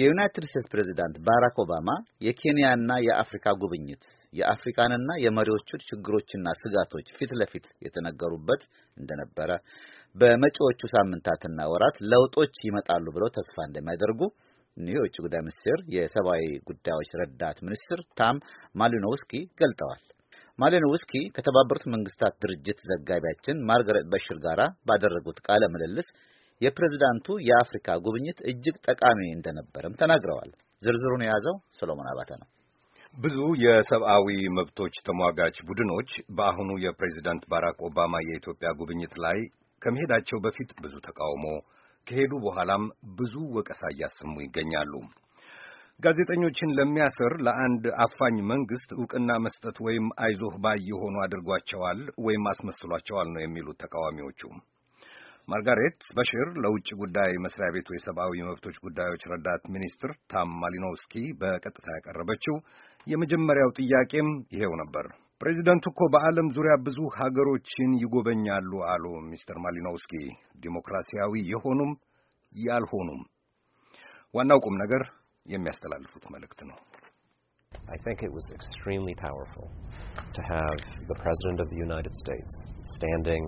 የዩናይትድ ስቴትስ ፕሬዝዳንት ባራክ ኦባማ የኬንያና የአፍሪካ ጉብኝት የአፍሪካንና የመሪዎቹን ችግሮችና ስጋቶች ፊት ለፊት የተነገሩበት እንደነበረ በመጪዎቹ ሳምንታትና ወራት ለውጦች ይመጣሉ ብለው ተስፋ እንደሚያደርጉ እኒህ የውጭ ጉዳይ ሚኒስትር የሰብአዊ ጉዳዮች ረዳት ሚኒስትር ታም ማሊኖውስኪ ገልጠዋል። ማሌንውስኪ ከተባበሩት መንግስታት ድርጅት ዘጋቢያችን ማርገሬት በሽር ጋር ባደረጉት ቃለ ምልልስ የፕሬዝዳንቱ የአፍሪካ ጉብኝት እጅግ ጠቃሚ እንደነበረም ተናግረዋል። ዝርዝሩን የያዘው ሰሎሞን አባተ ነው። ብዙ የሰብአዊ መብቶች ተሟጋች ቡድኖች በአሁኑ የፕሬዝዳንት ባራክ ኦባማ የኢትዮጵያ ጉብኝት ላይ ከመሄዳቸው በፊት ብዙ ተቃውሞ፣ ከሄዱ በኋላም ብዙ ወቀሳ እያሰሙ ይገኛሉ። ጋዜጠኞችን ለሚያስር ለአንድ አፋኝ መንግስት እውቅና መስጠት ወይም አይዞህ ባይ የሆኑ አድርጓቸዋል ወይም አስመስሏቸዋል ነው የሚሉት ተቃዋሚዎቹ። ማርጋሬት በሽር ለውጭ ጉዳይ መስሪያ ቤቱ የሰብአዊ መብቶች ጉዳዮች ረዳት ሚኒስትር ታም ማሊኖውስኪ በቀጥታ ያቀረበችው የመጀመሪያው ጥያቄም ይሄው ነበር። ፕሬዚደንቱ እኮ በዓለም ዙሪያ ብዙ ሀገሮችን ይጎበኛሉ አሉ ሚስተር ማሊኖውስኪ። ዲሞክራሲያዊ የሆኑም ያልሆኑም ዋናው ቁም ነገር የሚያስተላልፉት መልእክት ነው። I think it was extremely powerful to have the President of the United States standing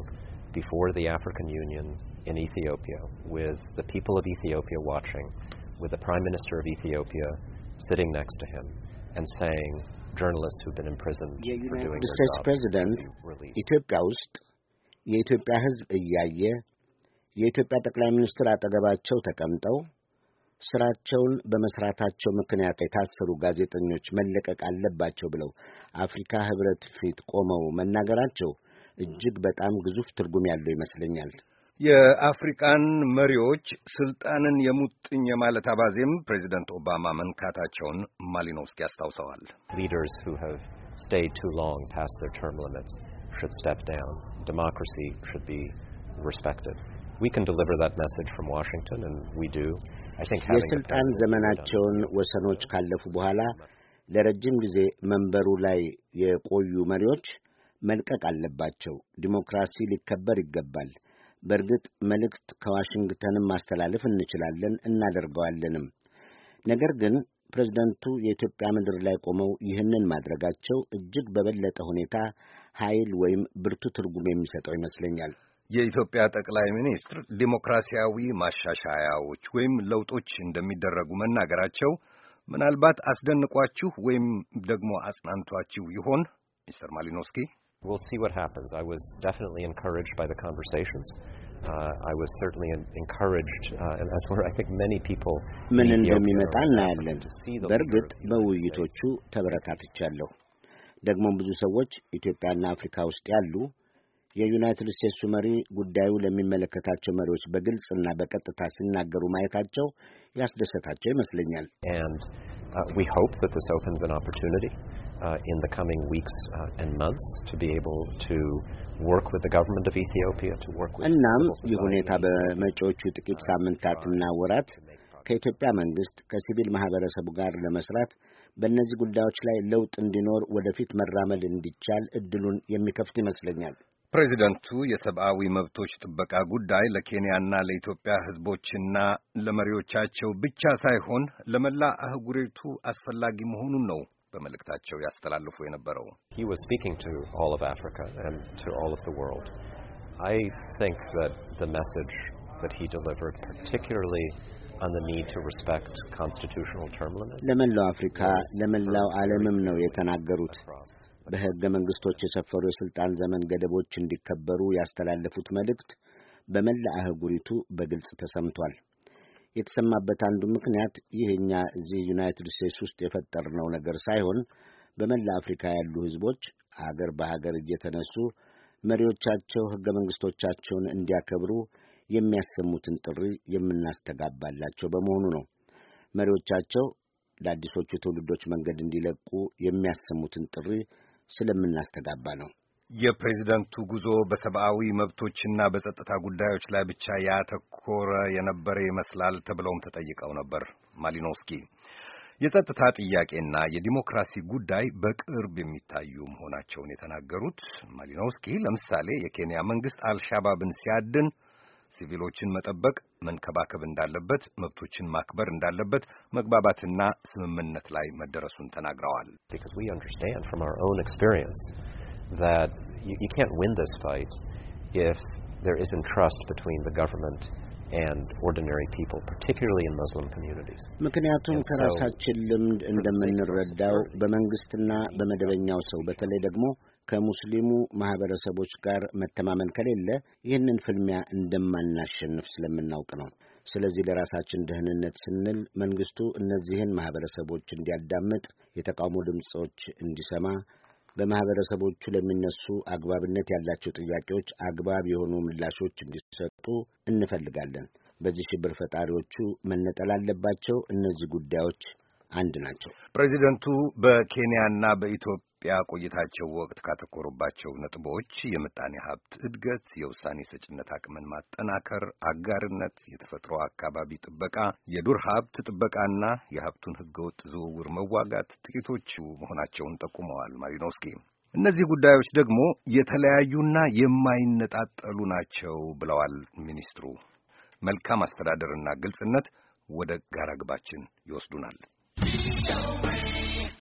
before the African Union in Ethiopia with the people of Ethiopia watching, with the Prime Minister of Ethiopia sitting next to him and saying, journalists who've been imprisoned for doing their job ስራቸውን በመስራታቸው ምክንያት የታሰሩ ጋዜጠኞች መለቀቅ አለባቸው ብለው አፍሪካ ህብረት ፊት ቆመው መናገራቸው እጅግ በጣም ግዙፍ ትርጉም ያለው ይመስለኛል። የአፍሪቃን መሪዎች ስልጣንን የሙጥኝ የማለት አባዜም ፕሬዚደንት ኦባማ መንካታቸውን ማሊኖቭስኪ አስታውሰዋል። ሊደርስ የስልጣን ዘመናቸውን ወሰኖች ካለፉ በኋላ ለረጅም ጊዜ መንበሩ ላይ የቆዩ መሪዎች መልቀቅ አለባቸው። ዲሞክራሲ ሊከበር ይገባል። በእርግጥ መልእክት ከዋሽንግተንም ማስተላለፍ እንችላለን እናደርገዋለንም። ነገር ግን ፕሬዚደንቱ የኢትዮጵያ ምድር ላይ ቆመው ይህንን ማድረጋቸው እጅግ በበለጠ ሁኔታ ኃይል ወይም ብርቱ ትርጉም የሚሰጠው ይመስለኛል። የኢትዮጵያ ጠቅላይ ሚኒስትር ዲሞክራሲያዊ ማሻሻያዎች ወይም ለውጦች እንደሚደረጉ መናገራቸው ምናልባት አስደንቋችሁ ወይም ደግሞ አጽናንቷችሁ ይሆን? ሚስተር ማሊኖስኪ We'll see what happens. I was definitely encouraged by the conversations. Uh, I was certainly encouraged, uh, and that's where I think many people. ምን እንደሚመጣ እናያለን። በእርግጥ በውይይቶቹ ተበረታትቻለሁ። ደግሞም ብዙ ሰዎች ኢትዮጵያና አፍሪካ ውስጥ ያሉ የዩናይትድ ስቴትሱ መሪ ጉዳዩ ለሚመለከታቸው መሪዎች በግልጽና በቀጥታ ሲናገሩ ማየታቸው ያስደሰታቸው ይመስለኛል። uh, uh, uh, እናም ይህ ሁኔታ በመጪዎቹ ጥቂት ሳምንታትና ወራት ከኢትዮጵያ መንግስት ከሲቪል ማህበረሰቡ ጋር ለመስራት በእነዚህ ጉዳዮች ላይ ለውጥ እንዲኖር ወደፊት መራመድ እንዲቻል እድሉን የሚከፍት ይመስለኛል። ፕሬዚደንቱ የሰብአዊ መብቶች ጥበቃ ጉዳይ ለኬንያና ለኢትዮጵያ ሕዝቦችና ለመሪዎቻቸው ብቻ ሳይሆን ለመላ አህጉሪቱ አስፈላጊ መሆኑን ነው በመልእክታቸው ያስተላልፉ የነበረው። ለመላው አፍሪካ ለመላው ዓለምም ነው የተናገሩት። በሕገ መንግሥቶች የሰፈሩ የሥልጣን ዘመን ገደቦች እንዲከበሩ ያስተላለፉት መልእክት በመላ አህጉሪቱ በግልጽ ተሰምቷል። የተሰማበት አንዱ ምክንያት ይህ እኛ እዚህ ዩናይትድ ስቴትስ ውስጥ የፈጠርነው ነገር ሳይሆን በመላ አፍሪካ ያሉ ሕዝቦች አገር በሀገር እየተነሱ መሪዎቻቸው ሕገ መንግሥቶቻቸውን እንዲያከብሩ የሚያሰሙትን ጥሪ የምናስተጋባላቸው በመሆኑ ነው። መሪዎቻቸው ለአዲሶቹ ትውልዶች መንገድ እንዲለቁ የሚያሰሙትን ጥሪ ስለምናስተጋባ ነው። የፕሬዚደንቱ ጉዞ በሰብአዊ መብቶችና በጸጥታ ጉዳዮች ላይ ብቻ ያተኮረ የነበረ ይመስላል ተብለውም ተጠይቀው ነበር ማሊኖስኪ። የጸጥታ ጥያቄና የዲሞክራሲ ጉዳይ በቅርብ የሚታዩ መሆናቸውን የተናገሩት ማሊኖስኪ ለምሳሌ የኬንያ መንግስት አልሻባብን ሲያድን Because we understand from our own experience that you can't win this fight if there isn't trust between the government and ordinary people, particularly in Muslim communities. ምክንያቱም ከራሳችን ልምድ እንደምንረዳው በመንግስትና በመደበኛው ሰው በተለይ ደግሞ ከሙስሊሙ ማህበረሰቦች ጋር መተማመን ከሌለ ይህንን ፍልሚያ እንደማናሸንፍ ስለምናውቅ ነው። ስለዚህ ለራሳችን ደህንነት ስንል መንግስቱ እነዚህን ማህበረሰቦች እንዲያዳምጥ፣ የተቃውሞ ድምፆች እንዲሰማ በማህበረሰቦቹ ለሚነሱ አግባብነት ያላቸው ጥያቄዎች አግባብ የሆኑ ምላሾች እንዲሰጡ እንፈልጋለን። በዚህ ሽብር ፈጣሪዎቹ መነጠል አለባቸው። እነዚህ ጉዳዮች አንድ ናቸው። ፕሬዚደንቱ በኬንያና በኢትዮጵያ በኢትዮጵያ ቆይታቸው ወቅት ካተኮሩባቸው ነጥቦች የምጣኔ ሀብት እድገት፣ የውሳኔ ሰጭነት አቅምን ማጠናከር፣ አጋርነት፣ የተፈጥሮ አካባቢ ጥበቃ፣ የዱር ሀብት ጥበቃና የሀብቱን ህገወጥ ዝውውር መዋጋት ጥቂቶቹ መሆናቸውን ጠቁመዋል ማሊኖስኪ። እነዚህ ጉዳዮች ደግሞ የተለያዩና የማይነጣጠሉ ናቸው ብለዋል ሚኒስትሩ። መልካም አስተዳደርና ግልጽነት ወደ ጋራ ግባችን ይወስዱናል።